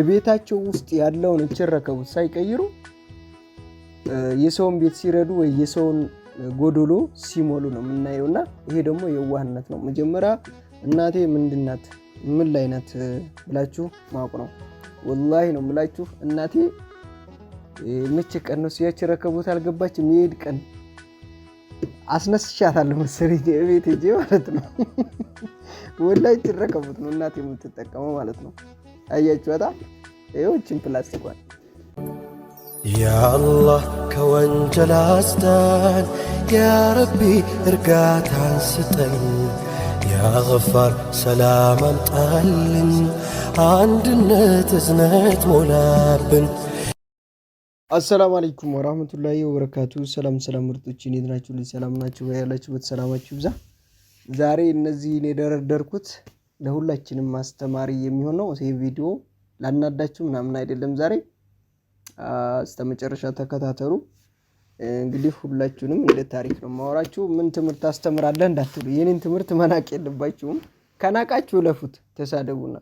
እቤታቸው ውስጥ ያለውን እችረከቡት ሳይቀይሩ የሰውን ቤት ሲረዱ ወይ የሰውን ጎዶሎ ሲሞሉ ነው የምናየው። እና ይሄ ደግሞ የዋህነት ነው። መጀመሪያ እናቴ ምንድናት ምን ላይ ናት ብላችሁ ማወቅ ነው። ወላሂ ነው ምላችሁ እናቴ ምች ቀን ነው ረከቦት አልገባችም። የሄድ ቀን አስነስሻታለሁ መሰለኝ ቤት ሂጅ ማለት ነው። ወላሂ ረከቦት ነው እናቴ የምትጠቀመው ማለት ነው። አያችሁ በጣም ይህችን ፕላስቲኳን ያአላህ ከወንጀል አስዳን፣ ያረቢ እርጋታን ስጠኝ፣ ያገፋር ሰላም አምጣልን፣ አንድነት እዝነት ሞላብን። አሰላሙ አለይኩም ወራህመቱላሂ ወበረካቱ። ሰላም ሰላም፣ ምርጦች እንዴት ናችሁ? ሰላም ናችሁ? ያላችሁበት ሰላማችሁ ብዛ ዛሬ እነዚህን የደረደርኩት ለሁላችንም ማስተማሪ የሚሆነው ይሄ ቪዲዮ ላናዳችሁ ምናምን አይደለም። ዛሬ መጨረሻ ተከታተሉ። እንግዲህ ሁላችሁንም እንደ ታሪክ ነው ማወራችሁ። ምን ትምህርት አስተምራለህ እንዳትሉ፣ የኔን ትምህርት መናቅ የለባችሁም። ከናቃችሁ ለፉት ተሳደቡና፣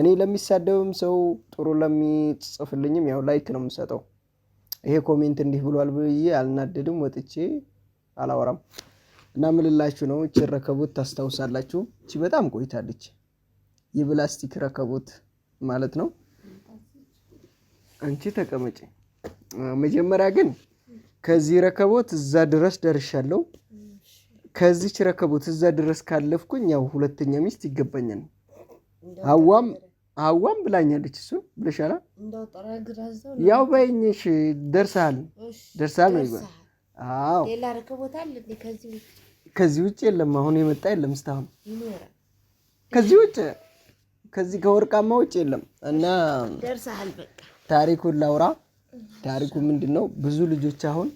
እኔ ለሚሳደብም ሰው ጥሩ ለሚጽፍልኝም ያው ላይክ ነው የምሰጠው። ይሄ ኮሜንት እንዲህ ብሏል ብዬ አልናደድም፣ ወጥቼ አላወራም እና ምልላችሁ ነው። እቺ ረከቡት ታስታውሳላችሁ። እቺ በጣም ቆይታለች። የፕላስቲክ ረከቦት ማለት ነው። አንቺ ተቀመጪ። መጀመሪያ ግን ከዚህ ረከቦት እዛ ድረስ ደርሻለሁ። ከዚች ረከቦት እዛ ድረስ ካለፍኩኝ ያው ሁለተኛ ሚስት ይገባኛል። አዋም አዋም ብላኛለች። እሱን ብለሻላ ያው በይኝሽ ደርሰሃል፣ ደርሰሃል ነው ይባል። አዎ ከዚህ ውጭ የለም። አሁን የመጣ የለም እስካሁን ከዚህ ውጭ ከዚህ ከወርቃማ ውጭ የለም እና ታሪኩን ላውራ። ታሪኩ ምንድን ነው? ብዙ ልጆች አሁን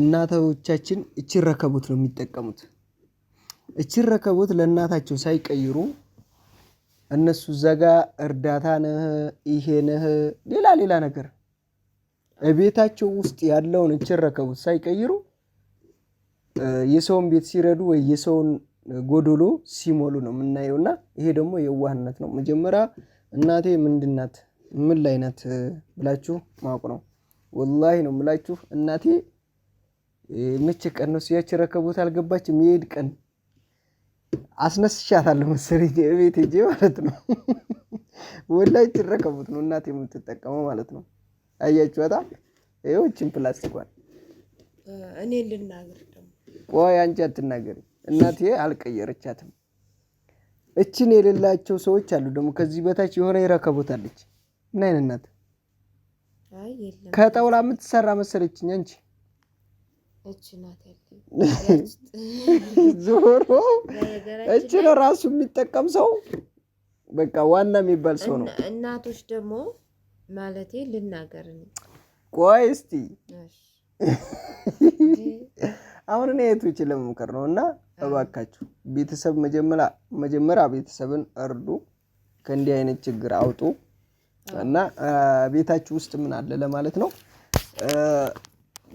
እናቶቻችን እችን ረከቦት ነው የሚጠቀሙት። እችን ረከቦት ለእናታቸው ሳይቀይሩ እነሱ ዘጋ እርዳታ ነህ ይሄ ነህ ሌላ ሌላ ነገር ቤታቸው ውስጥ ያለውን እችን ረከቦት ሳይቀይሩ የሰውን ቤት ሲረዱ ወይ የሰውን ጎዶሎ ሲሞሉ ነው የምናየው እና ይሄ ደግሞ የዋህነት ነው። መጀመሪያ እናቴ ምንድናት ምን ላይ ናት ብላችሁ ማወቅ ነው። ወላሂ ነው የምላችሁ እናቴ መቼ ቀን ነው ሲያች ረከቦት አልገባችም። የሄድ ቀን አስነስሻታለሁ መሰለኝ ቤት ሂጅ ማለት ነው። ወላሂ ትረከቡት ነው እናቴ የምትጠቀመው ማለት ነው። አያችኋታ ይኸው ይህችን ፕላስቲኳን እኔ ልናገር ደግሞ ቆይ አንቺ አትናገሪ እናቴ አልቀየረቻትም። እችን የሌላቸው ሰዎች አሉ ደግሞ ከዚህ በታች የሆነ ይረከቦታለች። ምን አይነት እናት ከጠውላ የምትሰራ መሰለችኝ። አንቺ ዞሮ ነው ራሱ የሚጠቀም ሰው በቃ ዋና የሚባል ሰው ነው። እናቶች ደግሞ ማለቴ ልናገር፣ ቆይ እስቲ አሁን እኔ የቱ ይችል ለመምከር ነው እና እባካችሁ ቤተሰብ መጀመሪያ ቤተሰብን እርዱ፣ ከእንዲህ አይነት ችግር አውጡ እና ቤታችሁ ውስጥ ምን አለ ለማለት ነው።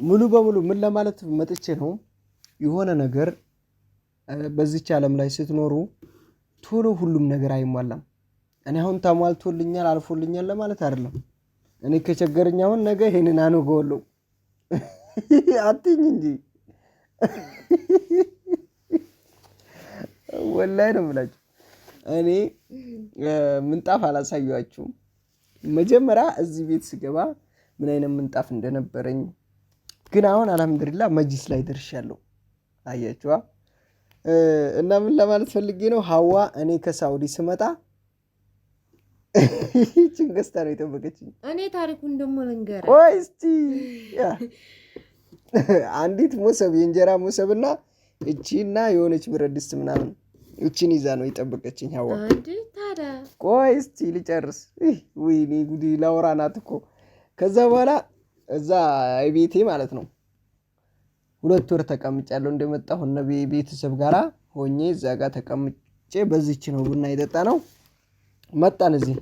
ሙሉ በሙሉ ምን ለማለት መጥቼ ነው፣ የሆነ ነገር በዚች ዓለም ላይ ስትኖሩ ቶሎ ሁሉም ነገር አይሟላም። እኔ አሁን ተሟልቶልኛል አልፎልኛል ለማለት አይደለም። እኔ ከቸገረኝ አሁን ነገ ይሄንን አነገወለው አትኝ እንጂ ወላሂ ነው የምላችሁ። እኔ ምንጣፍ አላሳያችሁም። መጀመሪያ እዚህ ቤት ስገባ ምን አይነት ምንጣፍ እንደነበረኝ ግን አሁን አልሐምዱሊላ መጅስ ላይ ደርሻለሁ። አያችዋ እና ምን ለማለት ፈልጌ ነው ሀዋ እኔ ከሳውዲ ስመጣ ይህችን ገዝታ ነው የጠበቀችኝ። እኔ ታሪኩን ቆይ እስቲ አንዲት ሞሰብ የእንጀራ ሞሰብና እቺና የሆነች ብረት ድስት ምናምን እቺን ይዛ ነው የጠበቀችኝ። ያዋ ቆይ እስቲ ልጨርስ። ወይኔ ጉዲ ላውራ ናት እኮ። ከዛ በኋላ እዛ ቤቴ ማለት ነው ሁለት ወር ተቀምጫለሁ። እንደመጣሁ እነ ቤተሰብ ጋራ ሆኜ እዛ ጋር ተቀምጬ በዚች ነው ቡና የጠጣ ነው። መጣን እዚህ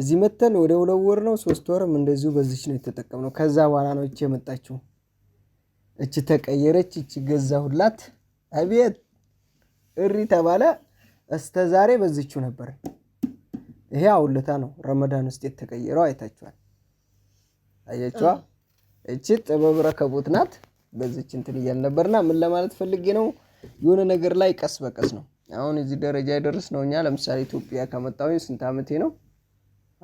እዚህ መተን ወደ ሁለት ወር ነው ሶስት ወርም እንደዚሁ በዚች ነው የተጠቀምነው። ከዛ በኋላ ነው እቺ የመጣችው። እች ተቀየረች፣ እች ገዛሁላት፣ አቤት እሪ ተባለ። እስተዛሬ ዛሬ ነበር። ይሄ አውልታ ነው ረመዳን ውስጥ የተቀየረው። አይታችኋል፣ አያችኋ። እቺ ጥበብ ረከቦት ናት። በዚች እንትን እያል ነበርና ምን ለማለት ፈልጌ ነው፣ የሆነ ነገር ላይ ቀስ በቀስ ነው አሁን እዚህ ደረጃ የደረስ ነው። እኛ ለምሳሌ ኢትዮጵያ ከመጣሁ ስንት ዓመቴ ነው?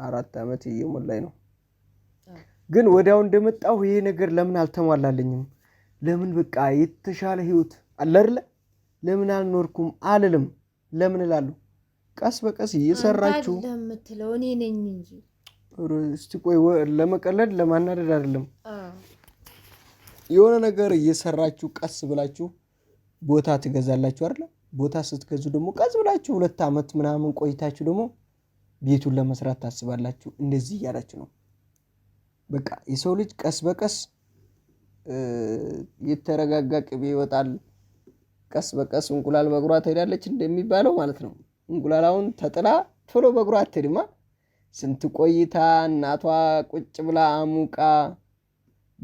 አራት ዓመት እየሞላኝ ነው። ግን ወዲያው እንደመጣሁ ይሄ ነገር ለምን አልተሟላልኝም? ለምን በቃ የተሻለ ህይወት አለርለ ለምን አልኖርኩም አልልም። ለምን እላለሁ? ቀስ በቀስ እየሰራችሁ ለምትለው እኔ ነኝ እንጂ እስቲ ቆይ፣ ለመቀለድ ለማናደድ አይደለም። የሆነ ነገር እየሰራችሁ ቀስ ብላችሁ ቦታ ትገዛላችሁ አይደለ? ቦታ ስትገዙ ደግሞ ቀስ ብላችሁ ሁለት ዓመት ምናምን ቆይታችሁ ደግሞ ቤቱን ለመስራት ታስባላችሁ። እንደዚህ እያላችሁ ነው። በቃ የሰው ልጅ ቀስ በቀስ የተረጋጋ ቅቤ ይወጣል። ቀስ በቀስ እንቁላል በእግሯ ትሄዳለች እንደሚባለው ማለት ነው። እንቁላላውን ተጥላ ቶሎ በእግሯ አትሄድማ። ስንት ቆይታ እናቷ ቁጭ ብላ አሙቃ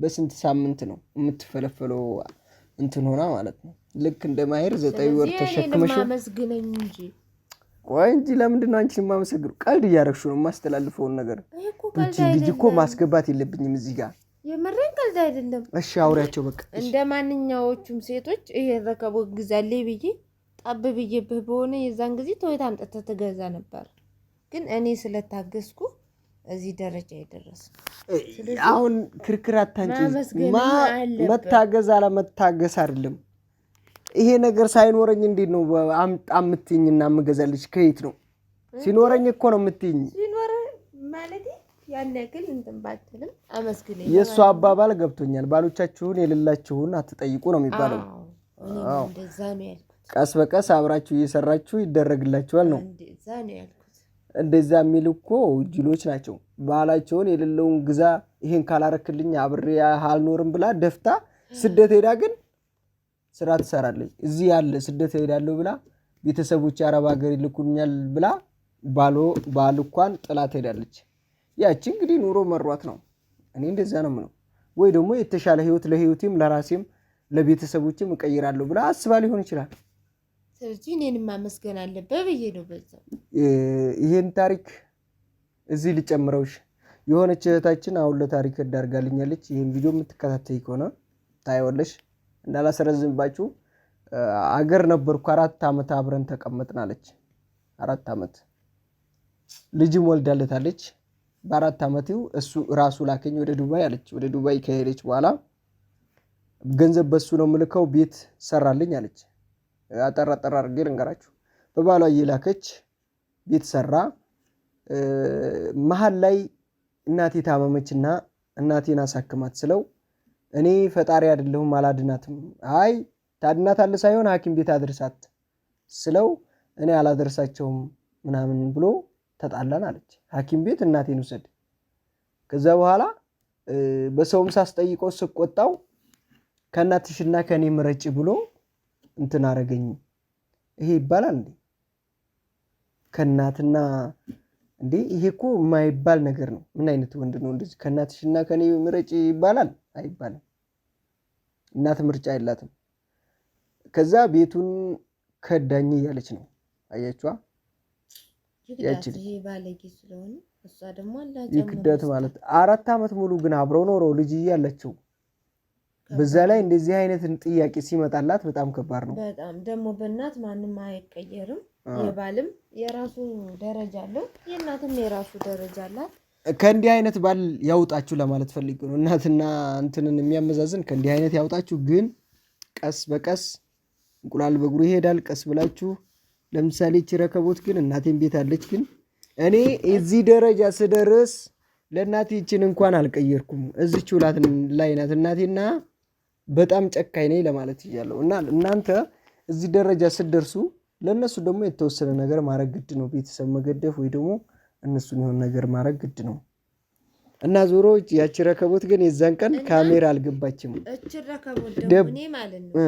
በስንት ሳምንት ነው የምትፈለፈለው እንትን ሆና ማለት ነው። ልክ እንደ ማሄር ዘጠኝ ወር ተሸክመሽ ቆይ እንጂ ለምንድን ነው አንቺ የማመሰግነው? ቀልድ እያደረግሽ ነው የማስተላልፈውን ነገር። ልጅ እኮ ማስገባት የለብኝም እዚህ ጋር የምሬን ቀልድ አይደለም። እሺ አውሪያቸው በቃ እንደ ማንኛዎቹም ሴቶች ይሄን ረከቦ ግዛልኝ ብዬ ጣብ ብዬብህ በሆነ የዛን ጊዜ ተወት አምጥተህ ትገዛ ነበር። ግን እኔ ስለታገዝኩ እዚህ ደረጃ የደረስ። አሁን ክርክር አታንጭ። መታገዝ አለመታገስ አይደለም። ይሄ ነገር ሳይኖረኝ እንዴት ነው አምጣ የምትይኝ እና የምገዛልሽ? ከየት ነው ሲኖረኝ እኮ ነው የምትይኝ ማለት ያን ያክል እንትን ባትልም አመስግነኝ። የእሱ አባባል ገብቶኛል። ባሎቻችሁን የሌላችሁን አትጠይቁ ነው የሚባለው። ቀስ በቀስ አብራችሁ እየሰራችሁ ይደረግላችኋል ነው እንደዛ ነው ያልኩት። እንደዛ የሚል እኮ ጅሎች ናቸው። ባላቸውን የሌለውን ግዛ፣ ይሄን ካላረክልኝ አብሬ አልኖርም ብላ ደፍታ ስደት ሄዳ ግን ስራ ትሰራለች። እዚህ ያለ ስደት ሄዳለሁ ብላ ቤተሰቦች አረብ ሀገር ይልኩኛል ብላ ባል እኳን ጥላ ትሄዳለች። ያቺ እንግዲህ ኑሮ መሯት ነው። እኔ እንደዛ ነው ምነው ወይ ደግሞ የተሻለ ህይወት ለህይወቴም ለራሴም ለቤተሰቦችም እቀይራለሁ ብላ አስባ ሊሆን ይችላል። ስለዚህ እኔን ማመስገን አለበት ብዬ ነው። በዛ ይሄን ታሪክ እዚህ ልጨምረውሽ። የሆነች እህታችን አሁን ለታሪክ እዳርጋልኛለች። ይህን ቪዲዮ የምትከታተይ ከሆነ ታይወለሽ። እንዳላሰረዝምባችሁ አገር ነበርኩ አራት ዓመት አብረን ተቀመጥናለች። አራት ዓመት ልጅም ወልዳለታለች። በአራት ዓመቴው እሱ ራሱ ላከኝ ወደ ዱባይ አለች። ወደ ዱባይ ከሄደች በኋላ ገንዘብ በሱ ነው ምልከው ቤት ሰራልኝ አለች። አጠራ ጠራ አድርጌ ልንገራችሁ። በባሏ እየላከች ቤት ሰራ። መሀል ላይ እናቴ ታመመችና እናቴን አሳክማት ስለው እኔ ፈጣሪ አይደለሁም አላድናትም። አይ ታድናታለህ ሳይሆን ሐኪም ቤት አድርሳት ስለው እኔ አላደርሳቸውም ምናምን ብሎ ተጣላን አለች። ሐኪም ቤት እናቴን ውሰድ። ከዛ በኋላ በሰውም ሳስጠይቀው ስቆጣው ከእናትሽና ከእኔ ምረጭ ብሎ እንትን አረገኝ። ይሄ ይባላል እንዴ? ከእናትና እንዴ! ይሄ እኮ የማይባል ነገር ነው። ምን አይነት ወንድ ነው እንደዚህ? ከእናትሽና ከእኔ ምረጭ ይባላል? አይባልም። እናት ምርጫ የላትም። ከዛ ቤቱን ከዳኝ እያለች ነው። አያችዋ ይክዳት ማለት አራት ዓመት ሙሉ ግን አብረው ኖረው ልጅ እያለችው በዛ ላይ እንደዚህ አይነት ጥያቄ ሲመጣላት በጣም ከባድ ነው። በጣም ደግሞ በእናት ማንም አይቀየርም። የባልም የራሱ ደረጃ አለው፣ የእናትም የራሱ ደረጃ አላት። ከእንዲህ አይነት ባል ያውጣችሁ ለማለት ፈልጌ ነው። እናትና እንትንን የሚያመዛዝን ከእንዲህ አይነት ያውጣችሁ። ግን ቀስ በቀስ እንቁላል በእግሩ ይሄዳል። ቀስ ብላችሁ ለምሳሌ እቺ ረከቦት ግን እናቴን ቤት አለች። ግን እኔ እዚህ ደረጃ ስደርስ ለእናቴ እችን እንኳን አልቀየርኩም። እዚች ውላት ላይ ናት እናቴና በጣም ጨካኝ ነኝ ለማለት እያለሁ እና እናንተ እዚህ ደረጃ ስደርሱ ለእነሱ ደግሞ የተወሰነ ነገር ማድረግ ግድ ነው። ቤተሰብ መገደፍ ወይ ደግሞ እነሱን የሆነ ነገር ማድረግ ግድ ነው እና ዞሮ ያቺ ረከቦት ግን የዛን ቀን ካሜራ አልገባችም። እች ረከቦት ደግሞ እኔ ማለት ነው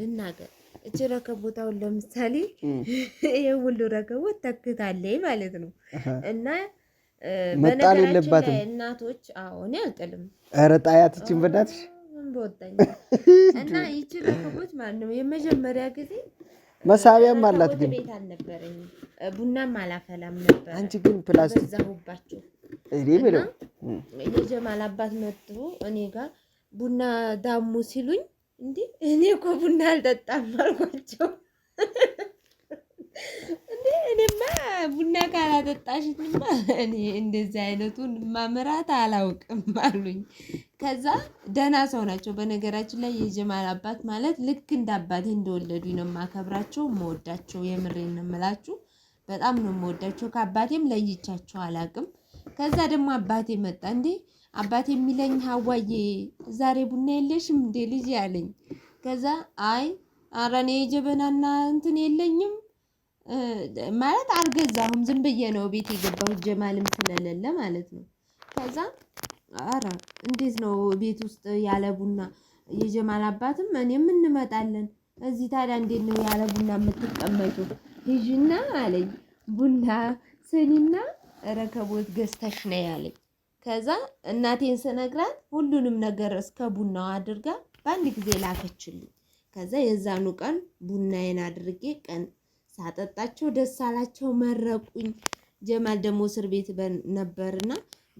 ልናገር እች ረከቦታውን ለምሳሌ ይህ ሁሉ ረከቦት ተክታለይ ማለት ነው እና መጣል የለባትም እናቶች። አዎ እኔ አልጥልም። ኧረ ጣያት ይችን በእናትሽ በወጣኝ እና ይቺ ረከቦት ማለት ነው የመጀመሪያ ጊዜ መሳቢያም አላት ግን ቤት አልነበረኝ፣ ቡናም አላፈላም ነበር። አንቺ ግን ፕላስቲክ ዛሁባቸው እኔ ብለው የጀማል አባት መጥቶ እኔ ጋር ቡና ዳሙ ሲሉኝ እንዴ እኔ እኮ ቡና አልጠጣም አልኳቸው። እንዴ እኔማ ቡና ካላጠጣሽንማ እኔ እንደዚህ አይነቱን ማምራት አላውቅም አሉኝ። ከዛ ደህና ሰው ናቸው። በነገራችን ላይ የጀማል አባት ማለት ልክ እንደ አባቴ እንደወለዱኝ ነው የማከብራቸው፣ የምወዳቸው። የምሬን ነው የምላችሁ፣ በጣም ነው የምወዳቸው። ከአባቴም ለይቻቸው አላውቅም። ከዛ ደግሞ አባቴ መጣ እንዴ አባት የሚለኝ ሀዋዬ ዛሬ ቡና የለሽም እንዴ ልጅ ያለኝ። ከዛ አይ አረ እኔ ጀበናና እንትን የለኝም ማለት አልገዛሁም፣ ዝም ብዬ ነው ቤት የገባሁት ጀማልም ስለሌለ ማለት ነው። ከዛ ኧረ እንዴት ነው ቤት ውስጥ ያለ ቡና? የጀማል አባትም እኔም እንመጣለን እዚህ ታዲያ እንዴት ነው ያለ ቡና የምትቀመጡ? ሂጂና አለኝ ቡና ስኒና ረከቦት ገዝተሽ ነው ያለኝ። ከዛ እናቴን ስነግራት ሁሉንም ነገር እስከ ቡናው አድርጋ በአንድ ጊዜ ላከችልኝ። ከዛ የዛኑ ቀን ቡናዬን አድርጌ ቀን ሳጠጣቸው ደስ አላቸው፣ መረቁኝ። ጀማል ደግሞ እስር ቤት ነበርና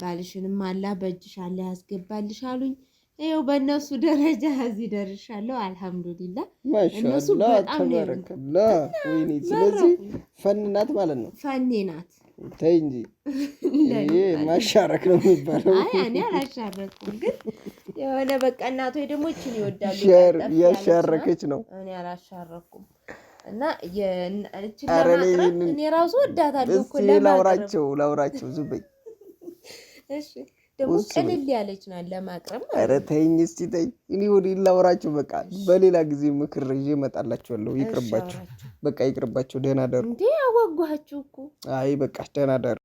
ባልሽንም አላ በእጅሽ አላ ያስገባልሽ አሉኝ። ይኸው በእነሱ ደረጃ እዚህ ደርሻለሁ። አልሐምዱሊላ እነሱ ተበረከላ። ወይኔ ስለዚህ ፈንናት ማለት ነው። ፈኔናት ተይ እንጂ ይሄ ማሻረክ ነው የሚባለው። አይ እኔ አላሻረኩም፣ ግን የሆነ በቃ እናቶች ደግሞ ይችን ይወዳሉ። ያሻረከች ነው። እኔ አላሻረኩም እና እችን እኔ ራሱ ወዳታለሁ እኮ ለማቅረብ ላውራቸው ላውራቸው ዙበኝ እሺ ደግሞ ቀለል ያለች ናት ለማቅረብ። ኧረ ተይኝ እኔ ወደ በቃ በሌላ ጊዜ ምክር ይዤ እመጣላችኋለሁ። ይቅርባችሁ፣ በቃ ይቅርባችሁ። ደህና ደሩ። እንዴ አዋጓችሁ እኮ። አይ በቃ ደህና ደሩ።